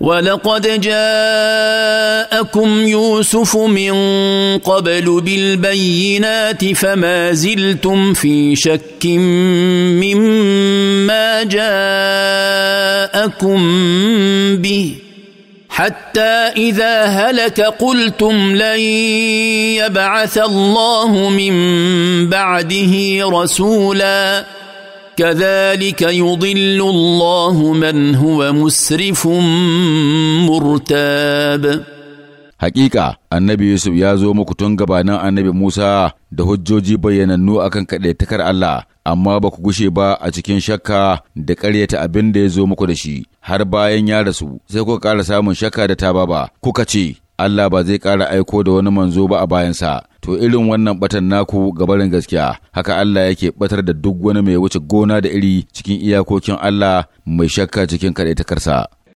ولقد جاءكم يوسف من قبل بالبينات فما زلتم في شك مما جاءكم به حتى اذا هلك قلتم لن يبعث الله من بعده رسولا كذلك يضل الله من هو مسرف مرتاب Hakika annabi Yusuf ya zo muku tun gabanin annabi Musa da hujjoji bayyanannu akan kaɗaitakar Allah, amma ba ku gushe ba a cikin shakka da ƙaryata abin da ya zo muku da shi, har bayan ya rasu sai kuka ƙara samun shakka da ba. kuka ce, Allah ba zai ƙara aiko da wani manzo ba a bayansa. to irin wannan batan naku gabarin gaskiya haka Allah yake batar da duk wani mai wuce gona da iri cikin iyakokin Allah mai shakka cikin kaɗaitakarsa.